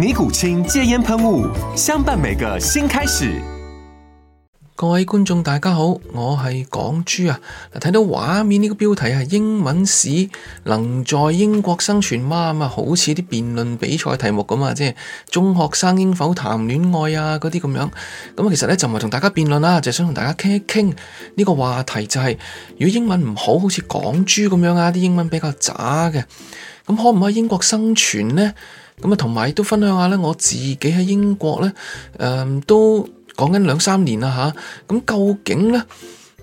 尼古清戒煙噴霧，相伴每個新開始。各位觀眾大家好，我係港豬啊！睇到畫面呢個標題啊，英文史能在英國生存嗎？啊，好似啲辯論比賽題目咁啊，即係中學生應否談戀愛啊，嗰啲咁樣。咁其實咧就唔係同大家辯論啦、啊，就係想同大家傾一傾呢個話題、就是，就係如果英文唔好，好似港豬咁樣啊，啲英文比較渣嘅，咁可唔可以英國生存呢？咁啊，同埋都分享下咧，我自己喺英國咧，誒、嗯，都講緊兩三年啦吓。咁、啊、究竟咧，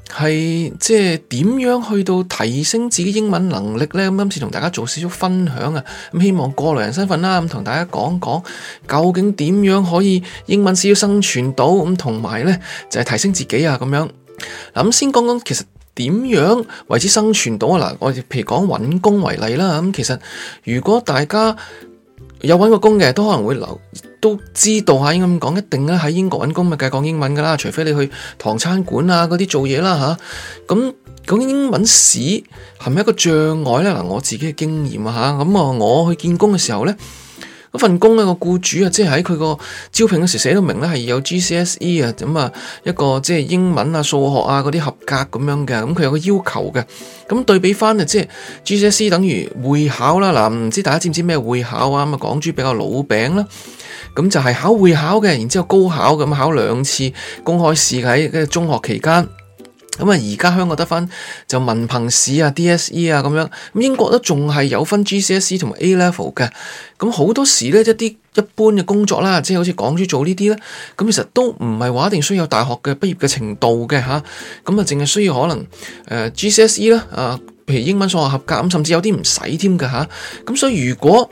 係即係點樣去到提升自己英文能力咧？咁今次同大家做少少分享啊，咁希望過來人身份啦，咁同大家講講究竟點樣可以英文少少生存到？咁同埋咧，就係、是、提升自己啊，咁樣。嗱咁先講講，其實點樣為之生存到啊？嗱，我哋譬如講揾工為例啦，咁其實如果大家，有搵過工嘅，都可能會留，都知道下應該咁講，一定咧喺英國搵工咪梗係講英文噶啦，除非你去唐餐館啊嗰啲做嘢啦嚇。咁講英文屎，係咪一個障礙咧？嗱，我自己嘅經驗啊嚇。咁啊我去見工嘅時候咧。份工咧個雇主啊，即係喺佢個招聘嗰時寫到明咧，係有 G C S E 啊，咁啊一個即係英文啊、數學啊嗰啲合格咁樣嘅，咁佢有個要求嘅。咁對比翻即係、就是、G C S E 等於會考啦，嗱唔知大家知唔知咩會考啊？咁啊，港珠比較老餅啦，咁就係考會考嘅，然之後高考，咁考兩次公開試喺中學期間。咁啊，而家香港得返就文憑試啊、DSE 啊咁樣，咁英國都仲係有分 GCSE 同埋 A level 嘅，咁好多時咧一啲一般嘅工作啦，即係好似港豬做呢啲咧，咁其實都唔係話一定需要大學嘅畢業嘅程度嘅嚇，咁啊淨係需要可能 GCSE 啦，啊譬如英文數學合格，甚至有啲唔使添嘅嚇，咁所以如果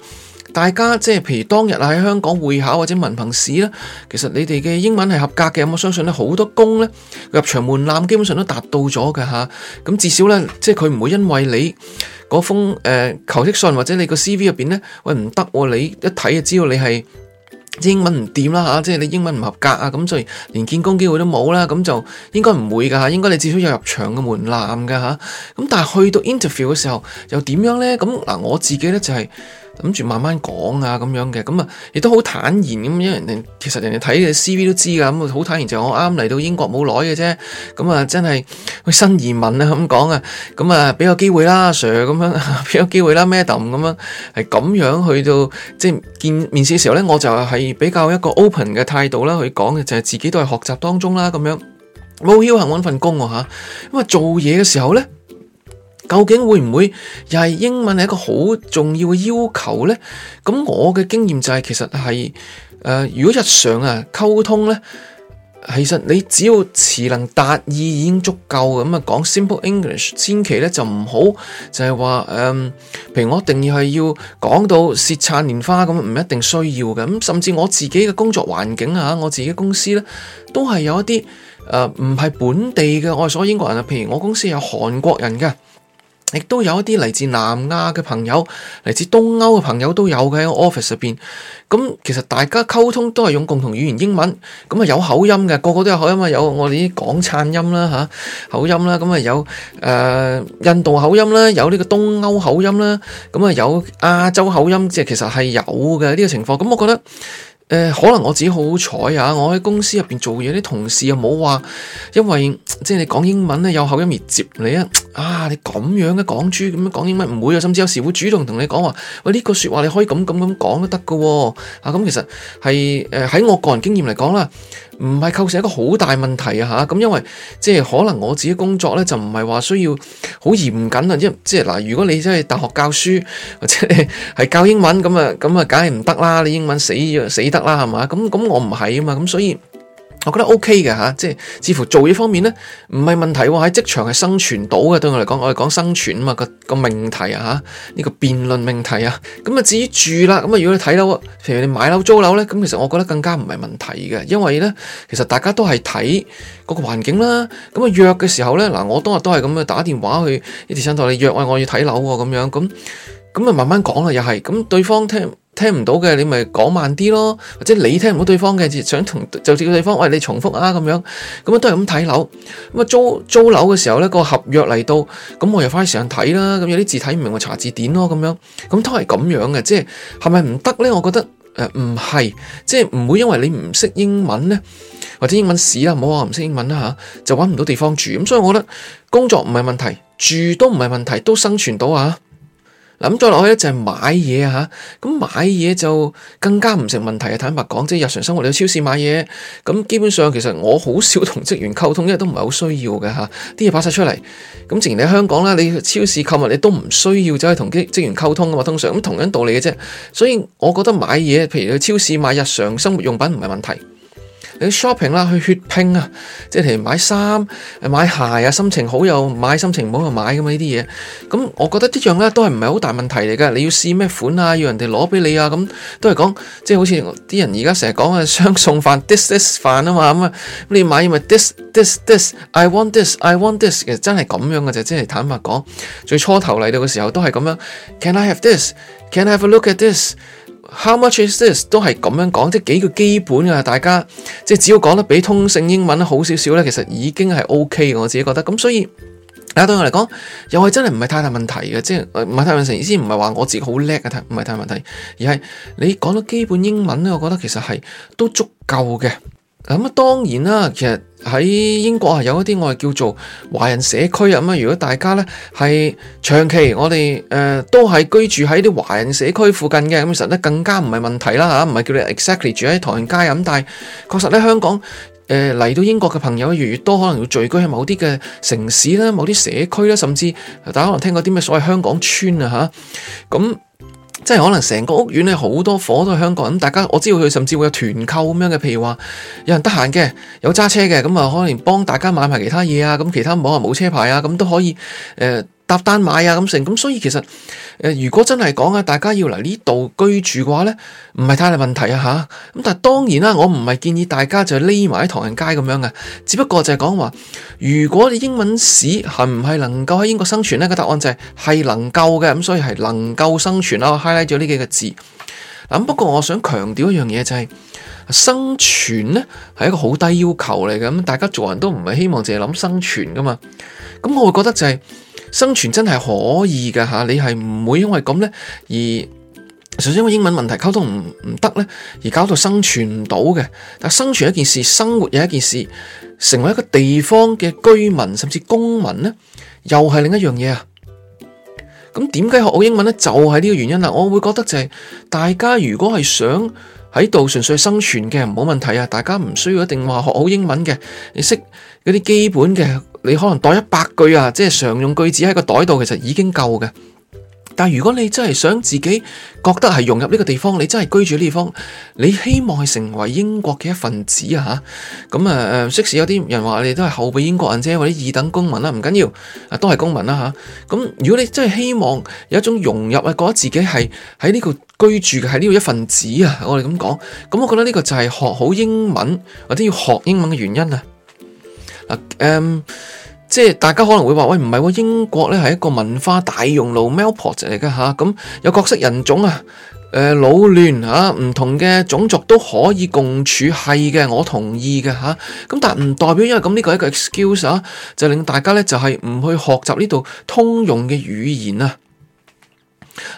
大家即係譬如當日喺香港會考或者文憑試呢，其實你哋嘅英文係合格嘅，我相信呢好多工呢，入場門檻基本上都達到咗㗎吓，咁至少呢，即係佢唔會因為你嗰封誒求職信或者你個 CV 入邊呢，喂唔得喎，你一睇就知道你係英文唔掂啦吓，即係你英文唔合格啊，咁所以連見工機會都冇啦，咁就應該唔會㗎吓，應該你至少有入場嘅門檻㗎吓，咁但係去到 interview 嘅時候又點樣呢？咁嗱，我自己呢就係。諗住慢慢講啊，咁樣嘅，咁啊，亦都好坦然咁，因為人其實人哋睇嘅 CV 都知噶，咁好坦然就我啱嚟到英國冇耐嘅啫，咁啊，真係新移民啊咁講啊，咁啊，俾個機會啦，Sir 咁樣，俾個機會啦，Madam 咁樣，係咁樣去到即係見面試嘅時候咧，我就係比較一個 open 嘅態度啦，去講嘅就係自己都係學習當中啦，咁樣，冇要求搵份工吓，咁啊做嘢嘅時候咧。究竟會唔會又係英文係一個好重要嘅要求呢？咁我嘅經驗就係、是、其實係誒、呃，如果日常啊溝通咧，其實你只要詞能達意已經足夠，咁啊講 Simple English，千祈咧就唔好就係話誒，譬如我一定要係要講到舌燦蓮花咁，唔一定需要嘅。咁甚至我自己嘅工作環境啊，我自己公司咧都係有一啲誒唔係本地嘅我所英國人啊。譬如我公司有韓國人嘅。亦都有一啲嚟自南亞嘅朋友，嚟自東歐嘅朋友都有嘅，喺 office 入邊。咁其實大家溝通都係用共同語言英文。咁啊有口音嘅，個個都有口音啊。有我哋啲港燦音啦嚇，口音啦。咁啊有誒、呃、印度口音啦，有呢個東歐口音啦。咁啊有亞洲口音，即係其實係有嘅呢個情況。咁我覺得。呃、可能我自己好好彩啊！我喺公司入邊做嘢，啲同事又冇話，因為即係你講英文咧，有口音而接你啊！啊，你咁樣嘅講豬咁樣講英文唔會啊，甚至有時會主動同你講話，喂，呢、這個說話你可以咁咁咁講都得噶，喎，啊。咁其實係誒喺我個人經驗嚟講啦。唔係構成一個好大問題啊，吓，咁因為即係可能我自己工作咧，就唔係話需要好嚴謹啊，即即係嗱，如果你真係大學教書或者係教英文咁啊咁啊，梗係唔得啦，你英文死咗死得啦係嘛，咁咁我唔係啊嘛，咁所以。我覺得 OK 嘅吓，即係，似乎做呢方面咧唔係問題喎，喺職場係生存到嘅。對我嚟講，我係講生存啊嘛，個個命題啊吓，呢個辯論命題啊。咁啊，至於住啦，咁啊，如果你睇樓啊，譬如你買樓、租樓咧，咁其實我覺得更加唔係問題嘅，因為咧，其實大家都係睇嗰個環境啦。咁啊約嘅時候咧，嗱，我當日都係咁樣打電話去一條 c h 你約我，我要睇樓啊，咁樣咁咁啊慢慢講啦，又係咁對方聽，聽唔到嘅，你咪講慢啲咯，或者你聽唔到對方嘅字，想同就接個對方，喂，你重複啊咁樣，咁啊都係咁睇樓，咁啊租租樓嘅時候咧，個合約嚟到，咁我又翻去上睇啦，咁有啲字睇唔明，我查字典咯，咁樣，咁都係咁樣嘅，即係係咪唔得咧？我覺得誒唔係，即係唔會因為你唔識英文咧，或者英文屎啦，唔好話唔識英文啦吓、啊，就搵唔到地方住，咁所以我覺得工作唔係問題，住都唔係問題，都生存到啊。咁再落去咧就係買嘢吓，咁買嘢就更加唔成問題啊！坦白講，即係日常生活你去超市買嘢，咁基本上其實我好少同職員溝通，因為都唔係好需要嘅吓，啲嘢擺晒出嚟。咁既然你喺香港啦，你超市購物你都唔需要走去同啲職員溝通㗎嘛，通常咁同樣道理嘅啫。所以我覺得買嘢，譬如去超市買日常生活用品唔係問題。你去 shopping 啦，去血拼啊，即係譬如買衫、買鞋啊，心情好又買，心情唔好又買咁呢啲嘢。咁我覺得呢樣咧都係唔係好大問題嚟㗎。你要試咩款啊？要人哋攞俾你啊？咁都係講即係好似啲人而家成日講啊，雙餸飯，this this 飯啊嘛咁啊。咁你買咪 this this this，I want this，I want this。其實真係咁樣嘅啫。即係坦白講，最初頭嚟到嘅時候都係咁樣。Can I have this？Can I have a look at this？How much is this？都係咁樣講，即係幾個基本嘅，大家即只要講得比通性英文好少少咧，其實已經係 O K 嘅。我自己覺得，咁所以，大家對我嚟講，又係真係唔係太大問題嘅，即係唔係太大問題。意思唔係話我自己好叻啊，唔係太大問題，而係你講到基本英文咧，我覺得其實係都足夠嘅。咁當然啦，其實喺英國係有一啲我哋叫做華人社區咁啊，如果大家咧係長期我哋誒、呃、都係居住喺啲華人社區附近嘅，咁其實咧更加唔係問題啦。吓，唔係叫你 exactly 住喺唐人街。咁但係確實咧，香港誒嚟、呃、到英國嘅朋友越多越多，可能要聚居喺某啲嘅城市啦、某啲社區啦，甚至大家可能聽過啲咩所謂香港村啊吓，咁。即係可能成個屋苑咧，好多火都係香港人，大家我知道佢甚至會有團購咁樣嘅，譬如話有人得閒嘅有揸車嘅咁啊，可能幫大家買埋其他嘢啊，咁其他冇啊冇車牌啊，咁都可以誒。呃搭單買啊咁成。咁所以其實誒，如果真係講啊，大家要嚟呢度居住嘅話咧，唔係太大問題啊吓。咁但係當然啦，我唔係建議大家就匿埋喺唐人街咁樣嘅。只不過就係講話，如果你英文差係唔係能夠喺英國生存呢？個答案就係、是、係能夠嘅。咁所以係能夠生存啦。我 highlight 咗呢幾個字。咁不過我想強調一樣嘢就係、是、生存咧係一個好低要求嚟嘅。咁大家做人都唔係希望淨係諗生存㗎嘛。咁我會覺得就係、是。生存真係可以㗎吓，你係唔會因為咁呢，而首先因為英文問題溝通唔唔得呢，而搞到生存唔到嘅。但生存一件事，生活又一件事，成為一個地方嘅居民甚至公民呢，又係另一樣嘢啊。咁點解學好英文呢？就係呢個原因啦。我會覺得就係大家如果係想喺度純粹生存嘅，冇問題啊。大家唔需要一定話學好英文嘅，你識嗰啲基本嘅。你可能袋一百句啊，即係常用句子喺個袋度，其實已經夠嘅。但係如果你真係想自己覺得係融入呢個地方，你真係居住呢方，你希望係成為英國嘅一份子啊！吓咁啊，即使有啲人話你都係後備英國人啫，或者二等公民啦，唔緊要啊，都係公民啦吓。咁如果你真係希望有一種融入啊，覺得自己係喺呢個居住嘅，係呢度一份子啊，我哋咁講。咁我覺得呢個就係學好英文或者要學英文嘅原因啊。誒、嗯，即係大家可能會話喂，唔係英國咧，係一個文化大熔爐 melting pot 嚟嘅吓，咁、啊、有各色人種啊，誒，老亂吓，唔、啊、同嘅種族都可以共處係嘅，我同意嘅吓，咁、啊、但係唔代表因為咁呢個係一個 excuse 啊，就令大家咧，就係唔去學習呢度通用嘅語言啊。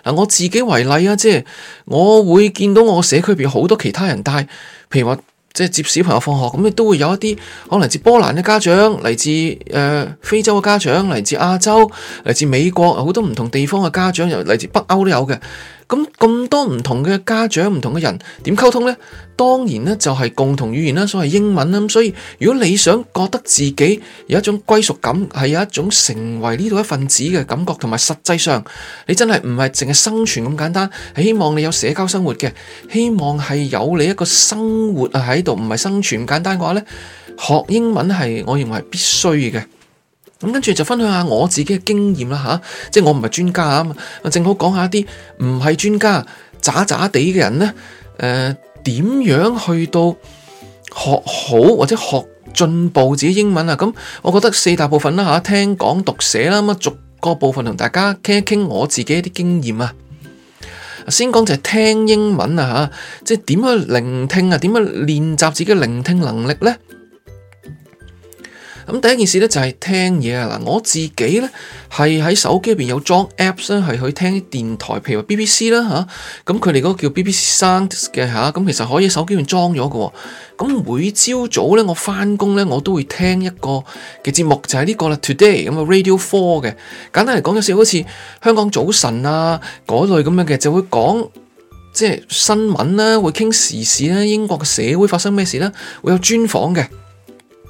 嗱，我自己為例啊，即係我會見到我社區邊好多其他人，但譬如話，即係接小朋友放學，咁亦都會有一啲可能嚟自波蘭嘅家長，嚟自誒、呃、非洲嘅家長，嚟自亞洲，嚟自美國好多唔同地方嘅家長，又嚟自北歐都有嘅。咁咁多唔同嘅家長，唔同嘅人點溝通呢？當然呢，就係共同語言啦，所謂英文啦。咁所以如果你想覺得自己有一種歸屬感，係有一種成為呢度一份子嘅感覺，同埋實際上你真係唔係淨係生存咁簡單，係希望你有社交生活嘅，希望係有你一個生活喺度，唔係生存咁簡單嘅話呢。學英文係我認為必須嘅。咁跟住就分享下我自己嘅經驗啦吓，即係我唔係專家啊嘛，正好講下啲唔係專家渣渣地嘅人咧，誒、呃、點樣去到學好或者學進步自己英文啊？咁、嗯、我覺得四大部分啦吓、啊，聽講讀寫啦，咁啊逐個部分同大家傾一傾我自己一啲經驗啊。先講就係聽英文啊吓，即係點樣聆聽啊，點樣練習自己嘅聆聽能力咧？咁第一件事咧就係聽嘢啊！嗱，我自己咧係喺手機入邊有裝 apps 咧，係去聽啲電台，譬如話 BBC 啦吓，咁佢哋嗰叫 BBC Sounds 嘅吓，咁其實可以喺手機入邊裝咗喎。咁每朝早咧，我翻工咧，我都會聽一個嘅節目就係呢個啦，Today 咁啊 Radio Four 嘅。簡單嚟講，有少好似香港早晨啊嗰類咁樣嘅，就會講即係新聞啦，會傾時事啦，英國嘅社會發生咩事啦，會有專訪嘅。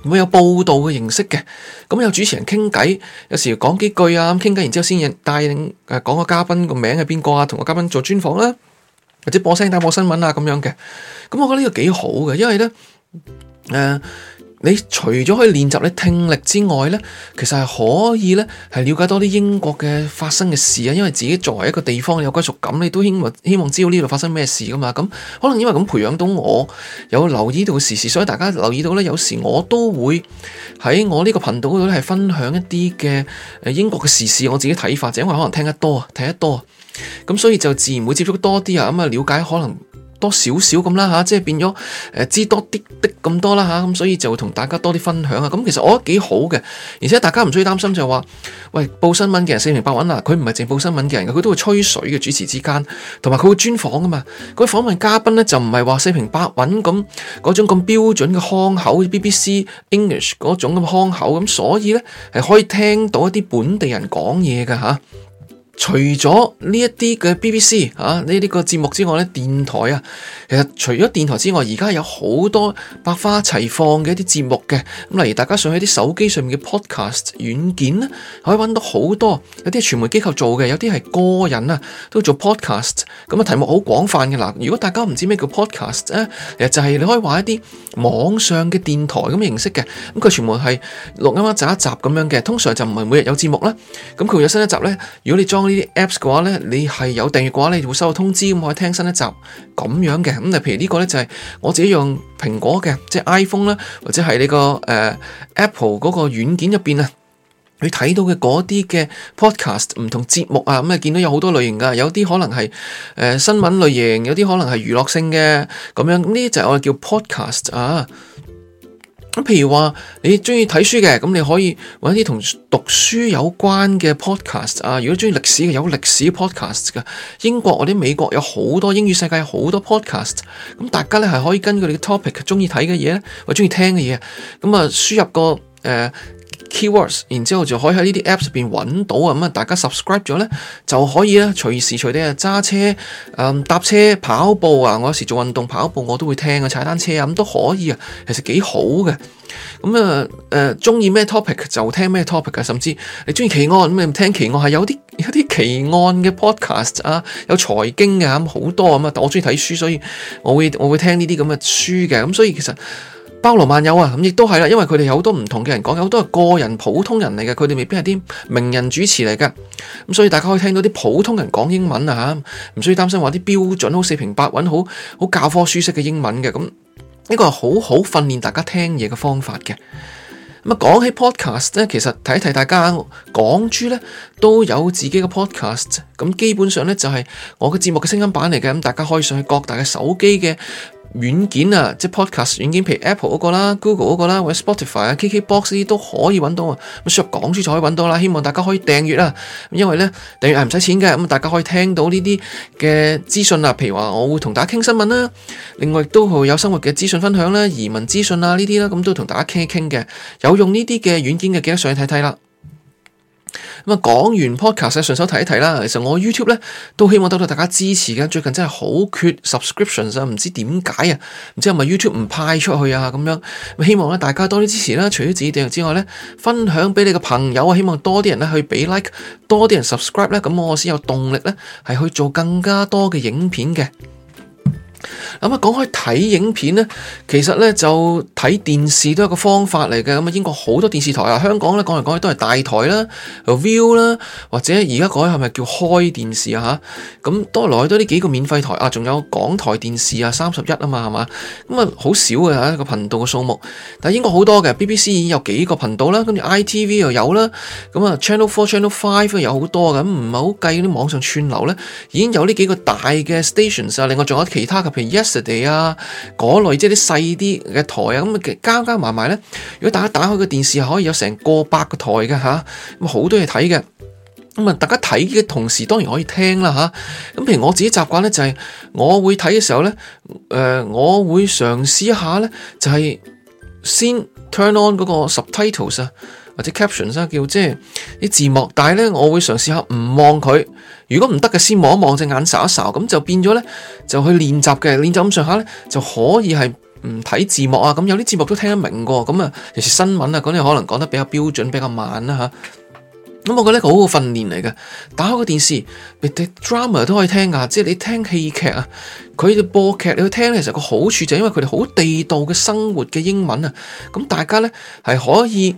會有報道嘅形式嘅，咁有主持人傾偈，有時講幾句啊，咁傾偈，然之後先引帶領誒、呃、講個嘉賓個名係邊個啊，同個嘉賓做專訪啦，或者播聲帶播新聞啊咁樣嘅，咁我覺得呢個幾好嘅，因為咧誒。呃你除咗可以練習你聽力之外咧，其實係可以咧係了解多啲英國嘅發生嘅事啊，因為自己作為一個地方有歸屬感，你都希望希望知道呢度發生咩事㗎嘛。咁可能因為咁培養到我有留意到時事，所以大家留意到咧，有時我都會喺我呢個頻道度咧係分享一啲嘅英國嘅時事，我自己睇法，就因為可能聽得多啊，睇得多啊，咁所以就自然會接觸多啲啊，咁啊了解可能。多少少咁啦吓，即係變咗知多啲的咁多啦吓，咁所以就同大家多啲分享啊！咁其實我覺得幾好嘅，而且大家唔需要擔心就係話，喂報新聞嘅人四平八穩啦，佢唔係淨報新聞嘅人，佢都會吹水嘅，主持之間，同埋佢會專訪啊嘛，佢訪問嘉賓咧就唔係話四平八穩咁嗰種咁標準嘅腔口 BBC English 嗰種咁腔口，咁所以咧係可以聽到一啲本地人講嘢㗎。除咗呢一啲嘅 BBC 啊呢啲個節目之外咧，電台啊，其實除咗電台之外，而家有好多百花齊放嘅一啲節目嘅咁，例如大家上去啲手機上面嘅 podcast 軟件咧，可以揾到好多有啲係傳媒機構做嘅，有啲係個人啊都做 podcast。咁啊題目好廣泛嘅啦。如果大家唔知咩叫 podcast 咧，其實就係你可以話一啲網上嘅電台咁嘅形式嘅。咁佢全部係錄音一集一集咁樣嘅，通常就唔係每日有節目啦。咁佢有新一集咧，如果你裝。呢啲 apps 嘅話咧，你係有訂閱嘅話咧，你會收到通知，咁可以聽新一集咁樣嘅。咁啊，譬如呢個咧就係我自己用蘋果嘅，即係 iPhone 啦，或者係呢個誒 Apple 嗰個軟件入邊啊，你睇到嘅嗰啲嘅 podcast 唔同節目啊，咁啊見到有好多類型噶，有啲可能係誒、呃、新聞類型，有啲可能係娛樂性嘅咁樣，呢啲就係我哋叫 podcast 啊。咁譬如話你中意睇書嘅，咁你可以揾啲同讀書有關嘅 podcast 啊。如果中意歷史嘅，有歷史 podcast 噶。英國或者美國有好多英語世界有好多 podcast。咁大家咧係可以根據你嘅 topic，中意睇嘅嘢咧或中意聽嘅嘢，咁啊輸入個誒，呃 keywords，然之後就可以喺呢啲 apps 入邊揾到啊！咁啊，大家 subscribe 咗呢，就可以咧隨時隨地啊揸車、嗯搭車、跑步啊！我有時做運動跑步我都會聽啊，踩單車啊咁都可以啊，其實幾好嘅。咁啊誒，中意咩 topic 就聽咩 topic 嘅，甚至你中意奇案咁啊，你咪聽奇案係有啲有啲奇案嘅 podcast 啊，有財經嘅咁好多咁啊。我中意睇書，所以我會我會聽呢啲咁嘅書嘅，咁所以其實。包羅萬有啊，咁亦都係啦，因為佢哋有好多唔同嘅人講，有好多係個人普通人嚟嘅，佢哋未必係啲名人主持嚟嘅，咁所以大家可以聽到啲普通人講英文啊吓，唔需要擔心話啲標準好四平八穩，好好教科書式嘅英文嘅，咁呢個係好好訓練大家聽嘢嘅方法嘅。咁啊，講起 podcast 咧，其實提一提大家港豬咧都有自己嘅 podcast，咁基本上咧就係我嘅節目嘅聲音版嚟嘅，咁大家可以上去各大嘅手機嘅。軟件啊，即係 podcast 軟件，譬如 Apple 嗰個啦、Google 嗰個啦，或者 Spotify 啊、KK Box 呢啲都可以揾到啊。咁入講書就可以揾到啦。希望大家可以訂閱啦，因為呢，訂閱係唔使錢嘅。咁大家可以聽到呢啲嘅資訊啊，譬如話我會同大家傾新聞啦。另外亦都會有生活嘅資訊分享啦、移民資訊啊呢啲啦，咁都同大家傾一傾嘅。有用呢啲嘅軟件嘅記得上去睇睇啦。咁講完 podcast，順手提一提啦。其實我 YouTube 咧都希望得到大家支持嘅，最近真係好缺 subscriptions，唔知點解啊，唔知係咪 YouTube 唔派出去啊咁樣。希望咧大家多啲支持啦，除咗自己訂閱之外咧，分享俾你嘅朋友啊，希望多啲人咧去俾 like，多啲人 subscribe 咧，咁我先有動力咧係去做更加多嘅影片嘅。咁啊，講開睇影片呢，其實呢就睇電視都係個方法嚟嘅。咁啊，英國好多電視台啊，香港呢講嚟講去都係大台啦，view 啦，或者而家講係咪叫開電視啊？吓，咁多來多呢幾個免費台啊，仲有港台電視啊，三十一啊嘛，係嘛，咁啊好少嘅一個頻道嘅數目。但係英國好多嘅 BBC 已經有幾個頻道啦，跟住 ITV 又有啦，咁啊 Channel Four、Channel Five 有好多咁，唔係好計啲網上串流呢已經有呢幾個大嘅 stations 啊，另外仲有其他嘅譬如 Yesterday 啊，嗰類即係啲細啲嘅台啊，咁啊加加埋埋咧，如果大家打開個電視，可以有成過百個台嘅吓，咁好多嘢睇嘅。咁啊，大家睇嘅同時，當然可以聽啦吓。咁譬如我自己習慣咧，就係、是、我會睇嘅時候咧，誒，我會嘗試一下咧，就係、是、先 turn on 嗰個 subtitles 啊。或者 caption 啊，叫即係啲字幕，但係咧，我會嘗試下唔望佢。如果唔得嘅，先望一望隻眼睄一睄，咁就變咗咧，就去練習嘅練習咁上下咧，就可以係唔睇字幕啊。咁有啲字幕都聽得明噶，咁啊，尤其新聞啊嗰啲可能講得比較標準、比較慢啦吓。咁我覺得咧，好好訓練嚟嘅。打開個電視 British drama 都可以聽噶，即係你聽戲劇啊，佢哋播劇你去聽，其實個好處就係因為佢哋好地道嘅生活嘅英文啊。咁大家咧係可以。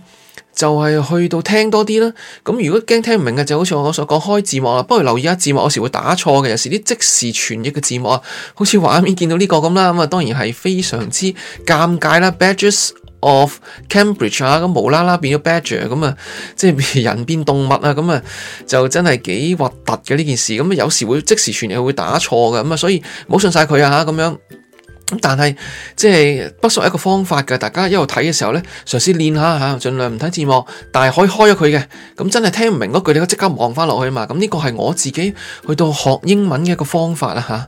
就係、是、去到聽多啲啦，咁如果驚聽唔明嘅，就好似我所講開字幕啦，不如留意下字幕有，有時會打錯嘅，有時啲即時傳譯嘅字幕啊，好似畫面見到呢個咁啦，咁啊當然係非常之尷尬啦，Badges of Cambridge 啊，咁無啦啦變咗 badger，咁啊即係人變動物啊，咁啊就真係幾核突嘅呢件事，咁啊有時會即時傳譯會打錯嘅，咁啊所以唔好信晒佢啊嚇咁樣。咁但係，即、就、係、是、不失為一個方法嘅，大家一路睇嘅時候呢，嘗試練下吓，盡量唔睇字幕，但係可以開咗佢嘅。咁真係聽唔明嗰句，你可即刻望返落去嘛。咁呢個係我自己去到學英文嘅一個方法啦，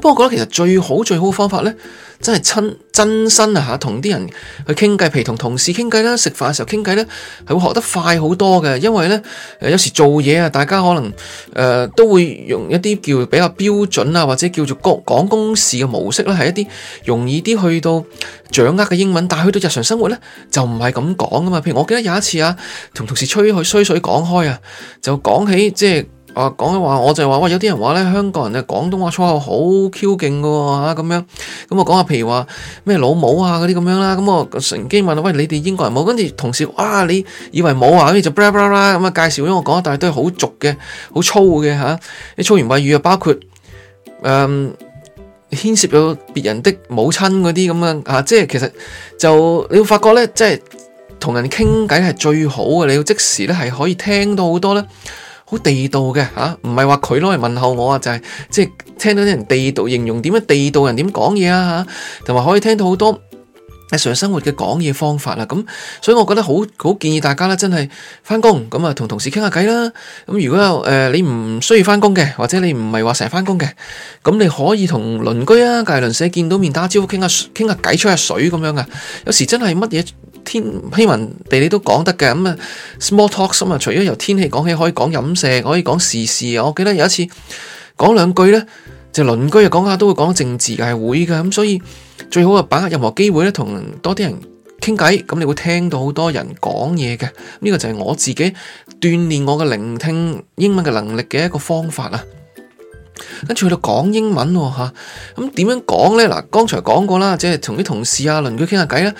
不過我覺得其實最好最好嘅方法咧，真係親真身啊吓，同啲人去傾偈，譬如同同事傾偈啦，食飯嘅時候傾偈咧，係會學得快好多嘅。因為咧，誒有時做嘢啊，大家可能誒、呃、都會用一啲叫比較標準啊，或者叫做講公事嘅模式啦，係一啲容易啲去到掌握嘅英文。但係去到日常生活咧，就唔係咁講噶嘛。譬如我記得有一次啊，同同事吹去吹水講開啊，就講起即係。啊，講話我就話，哇、欸，有啲人話咧，香港人啊，廣東話粗口好 Q 勁嘅喎，咁樣。咁我講下譬如話咩老母啊嗰啲咁樣啦，咁、嗯呃、我乘機問啊，喂，你哋英國人冇？跟住同事，啊，你以為冇啊？咩就 bla bla bla 咁啊？介紹咗我講，但係都係好俗嘅，好粗嘅嚇，啲粗言穢語啊，包括誒牽涉到別人的母親嗰啲咁樣嚇，即、啊、係其實就你會發覺咧，即係同人傾偈係最好嘅，你要即時咧係可以聽到好多咧。呢嗯好地道嘅嚇，唔係話佢攞嚟問候我啊，就係即係聽到啲人地道形容點樣地道人點講嘢啊嚇，同埋可以聽到好多日常生活嘅講嘢方法啦。咁所以我覺得好好建議大家咧，真係翻工咁啊，同同事傾下偈啦。咁如果誒、呃、你唔需要翻工嘅，或者你唔係話成日翻工嘅，咁你可以同鄰居啊，隔離鄰舍見到面打招呼，傾下傾下偈，吹下水咁樣啊。有時真係乜嘢？天文地理都講得嘅，咁啊 small talk 咁除咗由天氣講起，可以講飲食，可以講時事。我記得有一次講兩句呢，就鄰居又講下，都會講政治嘅係會嘅，咁所以最好啊把握任何機會呢，同多啲人傾偈，咁你會聽到好多人講嘢嘅。呢個就係我自己鍛煉我嘅聆聽英文嘅能力嘅一個方法啊。跟住去到講英文吓，咁點樣講呢？嗱，剛才講過啦，即係同啲同事啊、鄰居傾下偈啦，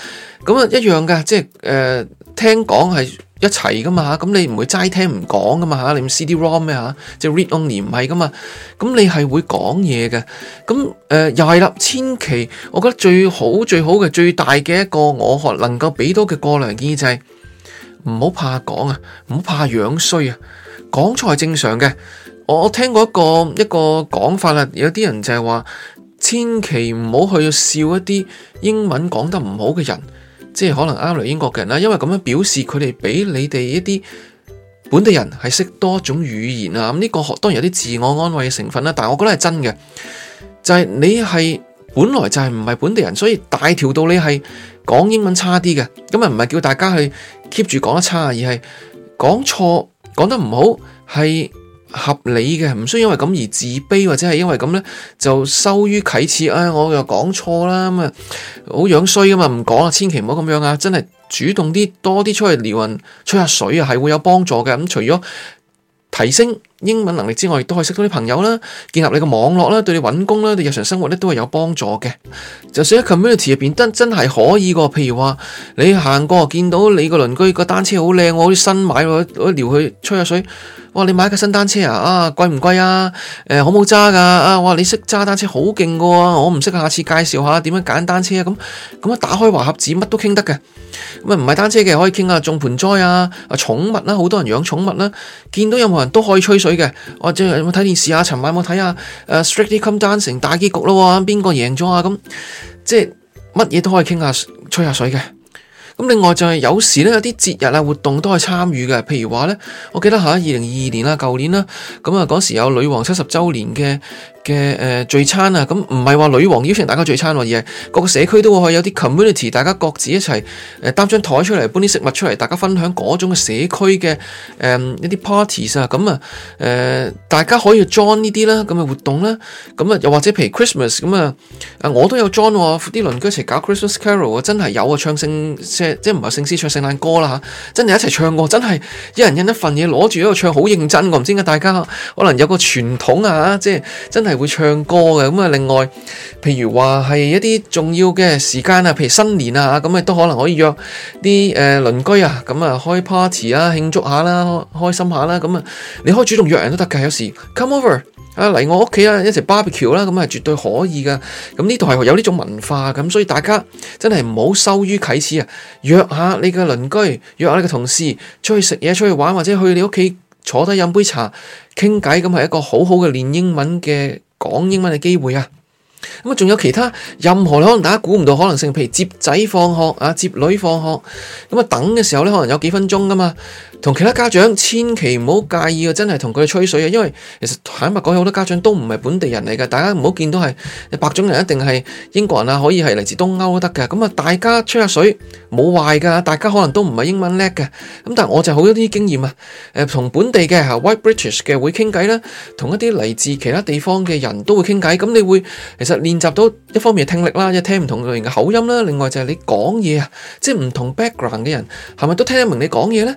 咁啊一樣嘅，即係誒、呃、聽講係一齊噶嘛，咁你唔會齋聽唔講噶嘛吓，你唔係 CD ROM 咩吓，即係 read only 唔係噶嘛，咁你係會講嘢嘅，咁、呃、誒又係啦，千祈我覺得最好最好嘅最大嘅一個我學能夠俾到嘅過量建議就係唔好怕講啊，唔好怕樣衰啊，講錯係正常嘅。我聽過一個一個講法啦，有啲人就係話，千祈唔好去笑一啲英文講得唔好嘅人，即係可能啱嚟英國嘅人啦。因為咁樣表示佢哋比你哋一啲本地人係識多種語言啊。咁、這、呢個學當然有啲自我安慰嘅成分啦，但係我覺得係真嘅，就係、是、你係本來就係唔係本地人，所以大條到你係講英文差啲嘅咁啊，唔係叫大家去 keep 住講得差，而係講錯講得唔好係。合理嘅，唔需要因為咁而自卑，或者係因為咁呢，就羞於啟齒。啊、哎、我又講錯啦，咁啊好樣衰㗎嘛，唔講啊，千祈唔好咁樣啊！真係主動啲，多啲出去撩人，吹下水啊，係會有幫助嘅。咁、嗯、除咗提升英文能力之外，亦都可以識到啲朋友啦，建立你個網絡啦，對你揾工啦，對日常生活咧都係有幫助嘅。就算喺 community 入邊，真真係可以個。譬如話你行過見到你個鄰居個單車好靚，啲新買，我我撩佢吹下水。哇！你買個新單車啊？啊，貴唔貴啊？誒、嗯，好冇揸噶？啊！哇！你識揸單車好勁噶喎！我唔識，下次介紹下點樣揀單車啊？咁咁啊！打開話匣子，乜都傾得嘅。咁啊，唔係單車嘅可以傾啊，種盆栽啊，啊，寵物啦，好多人養寵物啦、啊。見到任何人都可以吹水嘅，或者有冇睇電視啊？尋晚有冇睇啊？誒，Strictly Come Dancing 大結局咯？邊個贏咗啊？咁即係乜嘢都可以傾下，吹下水嘅。咁另外就係有時呢，有啲節日啊，活動都係參與㗎。譬如話呢，我記得嚇二零二二年啦，舊年啦，咁啊嗰時有女王七十週年嘅。嘅誒聚餐啊，咁唔係話女王邀請大家聚餐喎，而係各個社區都會去有啲 community，大家各自一齊誒擔張台出嚟，搬啲食物出嚟，大家分享嗰種嘅社區嘅誒一啲 parties 啊，咁啊誒大家可以 join 呢啲啦，咁嘅活動啦，咁啊又或者譬如 Christmas 咁啊，啊我都有 join 啲鄰居一齊搞 Christmas Carol 啊，真係有啊，唱聖即係即係唔係聖詩唱聖誕歌啦吓，真係一齊唱過，真係一人印一份嘢攞住喺度唱，好認真，我唔知點解大家可能有個傳統啊，即係真係。會唱歌嘅。咁啊，另外，譬如話係一啲重要嘅時間啊，譬如新年啊，咁啊都可能可以約啲誒鄰居啊，咁啊開 party 啊，慶祝下啦，開心下啦，咁啊，你可以主動約人都得噶，有時 come over 啊嚟我屋企啊，一齊 barbecue 啦，咁啊絕對可以噶。咁呢度係有呢種文化，咁所以大家真係唔好羞於啟齒啊，約下你嘅鄰居，約下你嘅同事，出去食嘢，出去玩，或者去你屋企坐低飲杯茶傾偈，咁係一個好好嘅練英文嘅。講英文嘅機會啊，咁啊仲有其他任何可能大家估唔到可能性，譬如接仔放學啊，接女放學，咁啊等嘅時候咧，可能有幾分鐘噶嘛。同其他家長千祈唔好介意啊！真係同佢吹水啊，因為其實坦白講，好多家長都唔係本地人嚟㗎。大家唔好見到係白種人一定係英國人啊，可以係嚟自東歐都得嘅。咁啊，大家吹下水冇壞噶。大家可能都唔係英文叻嘅，咁但係我就好多啲經驗啊。誒，同本地嘅 White British 嘅會傾偈啦，同一啲嚟自其他地方嘅人都會傾偈。咁你會其實練習到一方面嘅聽力啦，一聽唔同類型嘅口音啦。另外就係你講嘢啊，即係唔同 background 嘅人係咪都聽得明你講嘢咧？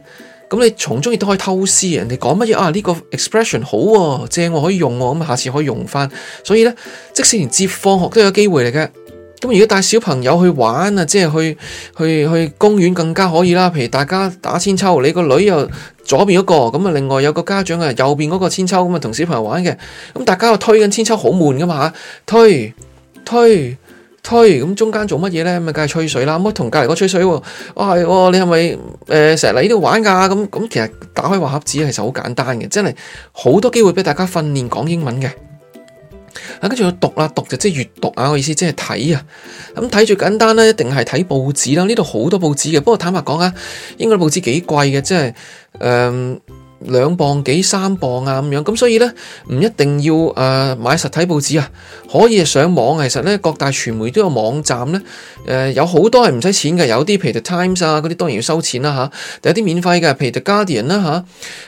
咁你從中亦都可以偷師，人哋講乜嘢啊？呢個 expression 好啊，正啊，我可以用啊，咁下次可以用翻。所以呢，即使連接放學都有機會嚟嘅。咁如果帶小朋友去玩啊，即係去去去公園更加可以啦。譬如大家打千秋，你個女又左邊嗰個，咁啊，另外有個家長啊，右邊嗰個千秋咁啊，同小朋友玩嘅，咁大家又推緊千秋，好悶㗎嘛吓，推推。推，咁中間做乜嘢咧？咁咪梗係吹水啦！咁啊同隔離嗰吹水喎、啊，啊係喎，你係咪誒成日嚟呢度玩㗎、啊？咁咁其實打開話盒子其實好簡單嘅，真係好多機會俾大家訓練講英文嘅。啊，跟住我讀啦，讀就即係閱讀啊，我意思即係睇啊。咁睇最簡單咧，一定係睇報紙啦。呢度好多報紙嘅，不過坦白講啊，應該報紙幾貴嘅，即係誒。嗯兩磅幾三磅啊咁樣，咁所以咧唔一定要誒、呃、買實體報紙啊，可以上網。其實咧各大傳媒都有網站咧，誒有好多係唔使錢嘅，有啲譬如 The Times 啊嗰啲當然要收錢啦吓，有、啊、啲免費嘅，譬如 The Guardian 啦、啊、吓，誒、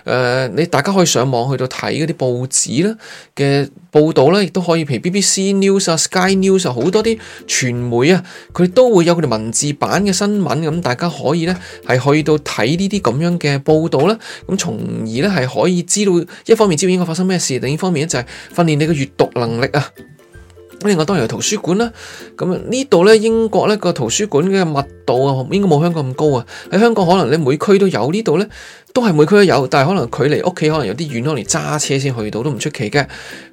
呃、你大家可以上網去到睇嗰啲報紙啦嘅報導咧，亦都可以譬如 BBC News 啊、Sky News 啊好多啲傳媒啊，佢都會有佢哋文字版嘅新聞，咁、嗯、大家可以咧係去到睇呢啲咁樣嘅報導啦，咁、啊、從而咧係可以知道，一方面知唔知英國發生咩事，另一方面咧就係訓練你嘅閱讀能力啊。咁另外當然係圖書館啦。咁呢度咧英國咧個圖書館嘅密度啊，應該冇香港咁高啊。喺香港可能你每區都有這裡呢度咧。都係每區都有，但係可能距離屋企可能有啲遠，可能揸車先去到都唔出奇嘅。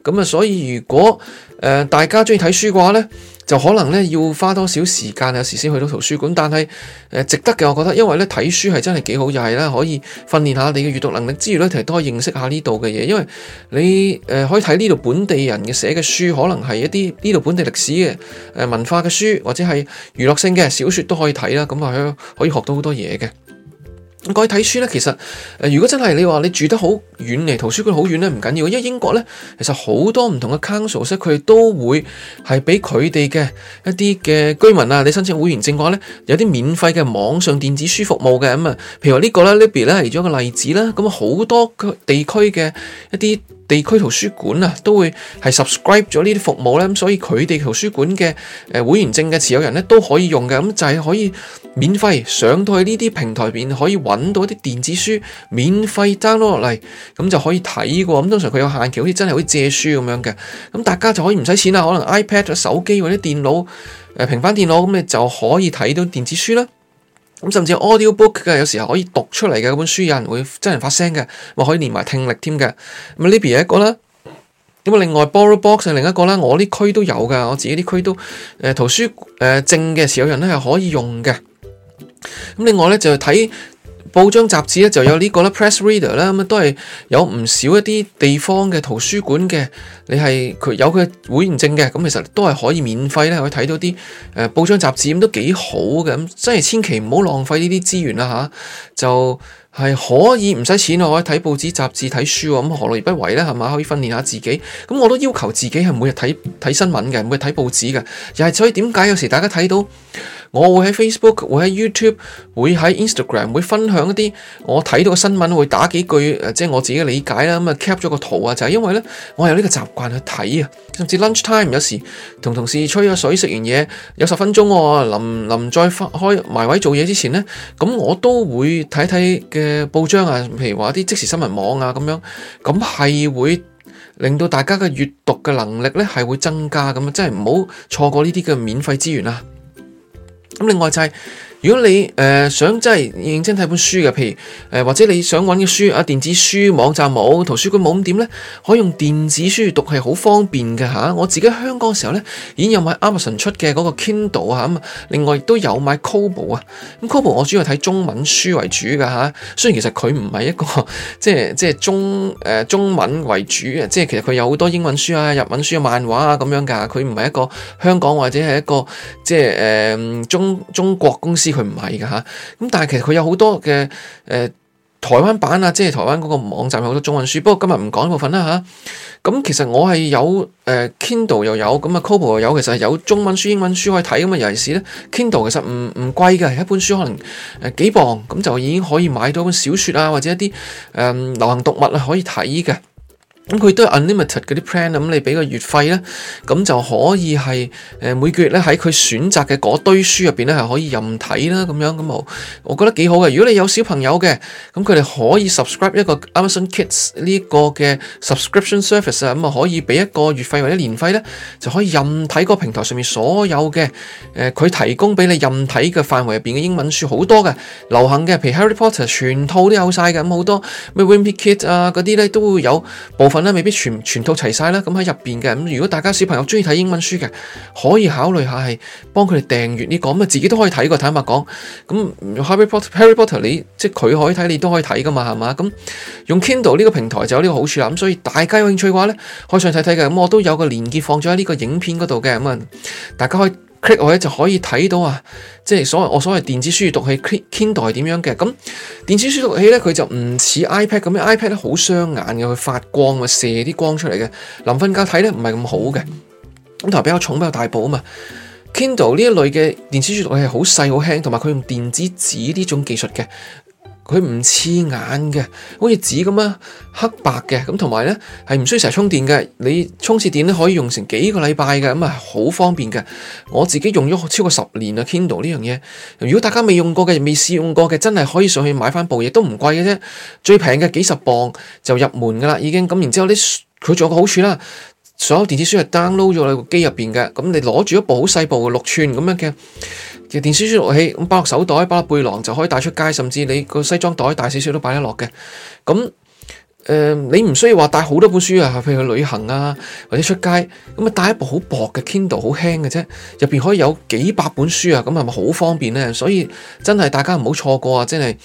咁啊，所以如果誒、呃、大家中意睇書嘅話咧，就可能咧要花多少時間有時先去到圖書館。但係誒、呃、值得嘅，我覺得，因為咧睇書係真係幾好，又係啦，可以訓練下你嘅閱讀能力之餘咧，其實都可以認識下呢度嘅嘢。因為你誒可以睇呢度本地人嘅寫嘅書，可能係一啲呢度本地歷史嘅誒、呃、文化嘅書，或者係娛樂性嘅小說都可以睇啦。咁啊，可以學到好多嘢嘅。我哋睇書咧，其實誒，如果真係你話你住得好遠離圖書館好遠咧，唔緊要，因為英國咧，其實好多唔同嘅 council 室，佢都會係俾佢哋嘅一啲嘅居民啊，你申請會員證嘅話咧，有啲免費嘅網上電子書服務嘅，咁啊，譬如話呢、呢個啦，Libby 啦，舉咗個例子啦，咁好多地區嘅一啲。地區圖書館啊，都會係 subscribe 咗呢啲服務咧，咁所以佢哋圖書館嘅誒會員證嘅持有人咧都可以用嘅，咁就係可以免費上到去呢啲平台面，面可以搵到一啲電子書免費 download 落嚟，咁就可以睇嘅。咁通常佢有限期，好似真係會借書咁樣嘅，咁大家就可以唔使錢啦。可能 iPad 手、手機或者電腦誒，平板電腦咁，你就可以睇到電子書啦。咁甚至有 audio book 嘅，有時候可以讀出嚟嘅嗰本書，有人會真人發聲嘅，或可以連埋聽力添嘅。咁呢 Libby 一個啦，咁另外 BorrowBox 另一個啦，我啲區都有噶，我自己啲區都誒圖書證嘅、呃、時候有人咧係可以用嘅。咁另外咧就係睇。報章雜誌咧就有呢個啦，Press Reader 啦，咁都係有唔少一啲地方嘅圖書館嘅，你係佢有佢會員證嘅，咁其實都係可以免費咧可以睇到啲誒報章雜誌，咁都幾好嘅，咁真係千祈唔好浪費呢啲資源啦吓，就係可以唔使錢啊，可以睇報紙、雜誌、睇書啊，咁何樂而不為呢？係嘛？可以訓練下自己，咁我都要求自己係每日睇睇新聞嘅，每日睇報紙嘅，又係所以點解有時大家睇到，我會喺 Facebook，會喺 YouTube，會喺 Instagram，會分享一啲我睇到嘅新聞，會打幾句即係我自己嘅理解啦。咁啊，cap 咗個圖，啊就係因為咧，我有呢個習慣去睇啊。甚至 lunch time 有時同同事吹下水，食完嘢有十分鐘、喎，臨臨再開埋位做嘢之前咧，咁我都會睇睇嘅報章啊，譬如話啲即時新聞網啊，咁樣咁係會令到大家嘅閱讀嘅能力咧係會增加咁啊，真係唔好錯過呢啲嘅免費資源啊！咁另外就係。如果你誒想真係認真睇本書嘅，譬如誒或者你想揾嘅書啊，電子書網站冇圖書館冇咁點咧，可以用電子書讀係好方便嘅吓。我自己香港時候咧已經有買 Amazon 出嘅嗰個 Kindle 咁另外亦都有買 Kobo 啊。咁 Kobo 我主要睇中文書為主嘅吓，雖然其實佢唔係一個即係即係中誒、呃、中文為主嘅，即係其實佢有好多英文書啊、日文書啊、漫畫啊咁樣，㗎。佢唔係一個香港或者係一個即係誒、呃、中中國公司。佢唔係噶吓，咁但係其實佢有好多嘅誒、呃、台灣版啊，即係台灣嗰個網站有好多中文書，不過今日唔講呢部分啦吓。咁、啊、其實我係有誒、呃、Kindle 又有，咁啊 Kobo 又有，其實係有中文書、英文書可以睇咁嘛。尤其是咧 Kindle，其實唔唔貴嘅，一本書可能誒幾磅，咁就已經可以買到一本小說啊，或者一啲誒、呃、流行讀物啊可以睇嘅。咁佢都有 unlimited 啲 plan 咁，你俾個月費咧，咁就可以係每個月咧喺佢選擇嘅嗰堆書入面咧係可以任睇啦咁樣，咁我覺得幾好嘅。如果你有小朋友嘅，咁佢哋可以 subscribe 一個 Amazon Kids 呢個嘅 subscription service 啊，咁啊可以俾一個月費或者年費咧，就可以任睇個平台上面所有嘅、呃、佢提供俾你任睇嘅範圍入面嘅英文書好多嘅，流行嘅，譬如 Harry Potter 全套都有晒嘅，咁好多咩 Wimpy Kid 啊嗰啲咧都會有部分。未必全全套齊晒啦，咁喺入邊嘅咁，如果大家小朋友中意睇英文書嘅，可以考慮下係幫佢哋訂閱呢個，咁啊自己都可以睇個坦白講。咁 Harry Potter，Harry Potter 你即係佢可以睇，你都可以睇噶嘛，係嘛？咁用 Kindle 呢個平台就有呢個好處啦。咁所以大家有興趣嘅話咧，可以上去睇睇嘅。咁我都有個連結放咗喺呢個影片嗰度嘅，咁啊大家可以。click 我咧就可以睇到啊，即係所謂我所謂電子書讀器 Kindle 係點樣嘅，咁電子書讀器咧佢就唔似 iPad 咁樣，iPad 咧好傷眼嘅，佢發光啊射啲光出嚟嘅，臨瞓覺睇咧唔係咁好嘅，咁同埋比較重比較大部啊嘛，Kindle 呢一類嘅電子書讀器係好細好輕，同埋佢用電子紙呢種技術嘅。佢唔刺眼嘅，好似紙咁啊，黑白嘅咁，同埋咧係唔需要成日充電嘅，你充次電都可以用成幾個禮拜嘅，咁啊好方便嘅。我自己用咗超過十年啊，Kindle 呢樣嘢。如果大家未用過嘅，未試用過嘅，真係可以上去買翻部嘢，都唔貴嘅啫，最平嘅幾十磅就入門噶啦，已經咁。然之後咧，佢仲有個好處啦，所有電子書係 download 咗你個機入邊嘅，咁你攞住一部好細部嘅六寸咁樣嘅。其實電子書閱讀器咁，包落手袋，包落背囊就可以帶出街，甚至你個西裝袋大少少都擺得落嘅。咁誒、呃，你唔需要話帶好多本書啊，譬如去旅行啊或者出街，咁啊帶一部好薄嘅 Kindle，好輕嘅啫，入邊可以有幾百本書啊，咁係咪好方便呢？所以真係大家唔好錯過啊！真係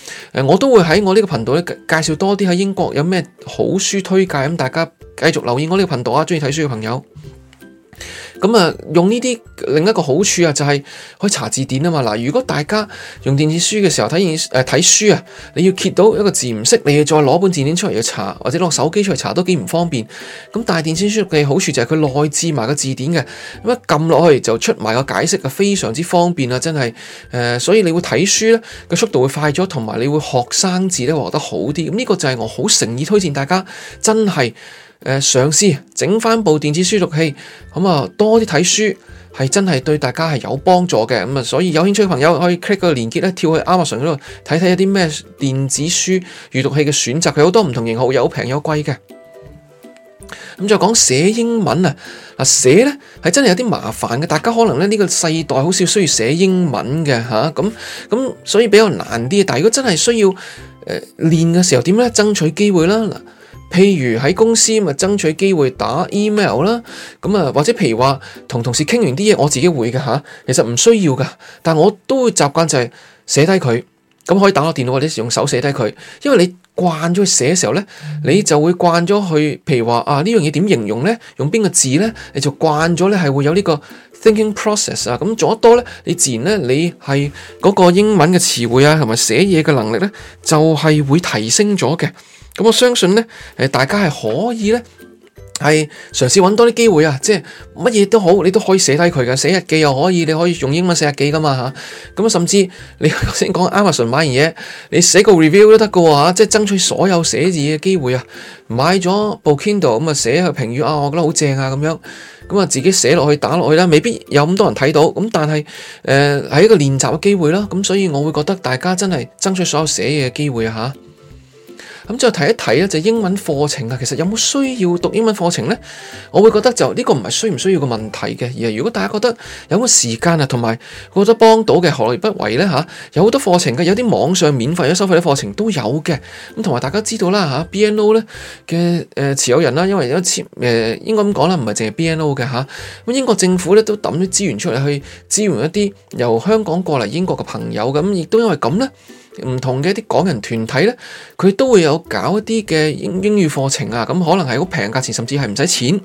誒，我都會喺我呢個頻道咧介紹多啲喺英國有咩好書推介，咁大家繼續留意我呢個頻道啊，中意睇書嘅朋友。咁啊，用呢啲另一個好處啊，就係可以查字典啊嘛。嗱，如果大家用電子書嘅時候睇睇書啊，你要揭到一個字唔識，你要再攞本字典出嚟去查，或者攞手機出嚟查都幾唔方便。咁大電子書嘅好處就係佢內置埋個字典嘅，咁一撳落去就出埋個解釋啊，非常之方便啊，真係誒。所以你會睇書咧個速度會快咗，同埋你會學生字咧學得好啲。咁呢個就係我好誠意推薦大家，真係。誒，嘗試整翻部電子書讀器，咁啊多啲睇書係真係對大家係有幫助嘅。咁啊，所以有興趣嘅朋友可以 click 個鏈接咧，跳去 Amazon 嗰度睇睇有啲咩電子書閱讀器嘅選擇，佢好多唔同型號，有平有貴嘅。咁再講寫英文啊，啊寫咧係真係有啲麻煩嘅。大家可能咧呢個世代好少需要寫英文嘅吓，咁咁所以比較難啲。但係如果真係需要誒練嘅時候，點咧爭取機會啦嗱。譬如喺公司咪啊，爭取機會打 email 啦，咁啊或者譬如話同同事傾完啲嘢，我自己會嘅吓，其實唔需要噶，但我都會習慣就係寫低佢，咁可以打落電腦或者用手寫低佢，因為你慣咗去寫嘅時候咧，你就會慣咗去，譬如話啊呢樣嘢點形容咧，用邊個字咧，你就慣咗咧係會有呢個 thinking process 啊，咁做得多咧，你自然咧你係嗰個英文嘅詞彙啊，同埋寫嘢嘅能力咧，就係會提升咗嘅。咁我相信咧，誒，大家係可以咧，係嘗試揾多啲機會啊！即係乜嘢都好，你都可以寫低佢㗎。寫日記又可以，你可以用英文寫日記噶嘛吓。咁、啊、甚至你頭先講 Amazon 買完嘢，你寫個 review 都得噶吓，即係爭取所有寫字嘅機會啊！買咗部 Kindle 咁、嗯、啊，寫個評語啊，我覺得好正啊，咁樣咁啊、嗯，自己寫落去打落去啦，未必有咁多人睇到，咁但係誒，係、呃、一個練習嘅機會啦。咁所以我會覺得大家真係爭取所有寫嘢嘅機會吓、啊。咁再提一提就係、英文課程啊，其實有冇需要讀英文課程呢？我會覺得就呢、呢個唔係需唔需要個問題嘅，而係如果大家覺得有冇時間啊，同埋覺得幫到嘅何樂不為呢？啊、有好多課程嘅，有啲網上免費、有收費嘅課程都有嘅。咁同埋大家知道啦、啊、BNO 呢嘅、呃、持有人啦，因為有啲誒、呃、應該咁講咧，唔係淨係 BNO 嘅。咁英國政府咧都抌啲資源出嚟去支援一啲由香港過嚟英國嘅朋友，咁亦都因為咁呢。唔同嘅一啲港人團體咧，佢都會有搞一啲嘅英英語課程啊，咁可能係好平價錢，甚至係唔使錢，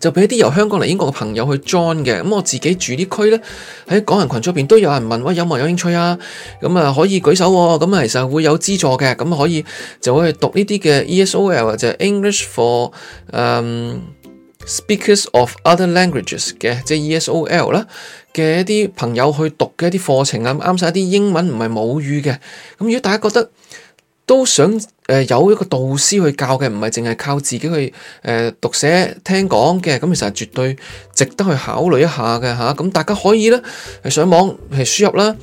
就俾一啲由香港嚟英國嘅朋友去 join 嘅。咁我自己住啲區咧，喺港人群出邊都有人問，喂，有冇有，有興趣啊？咁啊可以舉手，咁啊其實會有資助嘅，咁可以就會去讀呢啲嘅 ESOL 或者 English for、um，Speakers of other languages 嘅，即係 ESOL 啦嘅一啲朋友去讀嘅一啲課程啊，啱曬啲英文唔係母語嘅。咁如果大家覺得都想。誒，有一個導師去教嘅，唔係淨係靠自己去誒讀寫聽講嘅，咁其實係絕對值得去考慮一下嘅吓。咁大家可以咧，上網，譬如輸入啦，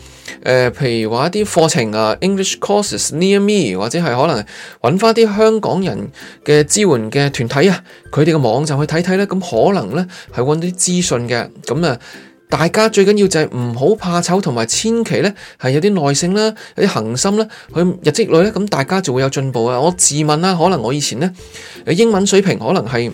誒，譬如話一啲課程啊，English courses near me，或者係可能搵翻啲香港人嘅支援嘅團體啊，佢哋嘅網站去睇睇咧，咁可能咧係搵啲資訊嘅，咁啊。大家最緊要就係唔好怕醜，同埋千祈咧係有啲耐性啦，有啲恒心啦，佢日積累咧，咁大家就會有進步啊！我自問啦，可能我以前咧，英文水平可能係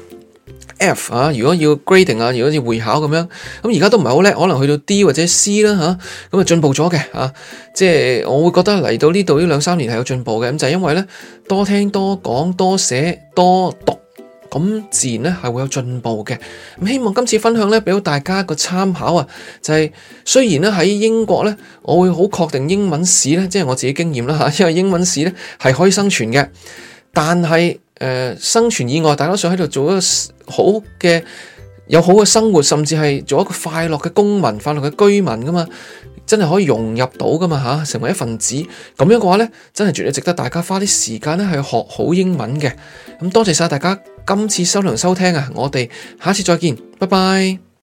F 啊，如果要 grading 啊，如果好似會考咁樣，咁而家都唔係好叻，可能去到 D 或者 C 啦嚇，咁啊進步咗嘅，即係我會覺得嚟到呢度呢兩三年係有進步嘅，咁就係因為咧多聽多講多寫多讀。咁自然咧係會有進步嘅，咁希望今次分享咧俾到大家一個參考啊，就係、是、雖然咧喺英國咧，我會好確定英文差咧，即、就、係、是、我自己經驗啦吓，因為英文差咧係可以生存嘅，但係誒、呃、生存以外，大家都想喺度做一個好嘅有好嘅生活，甚至係做一個快樂嘅公民、快樂嘅居民㗎嘛。真係可以融入到㗎嘛嚇，成為一份子咁樣嘅話呢，真係絕對值得大家花啲時間呢去學好英文嘅。咁多謝晒大家今次收聽收聽啊！我哋下次再見，拜拜。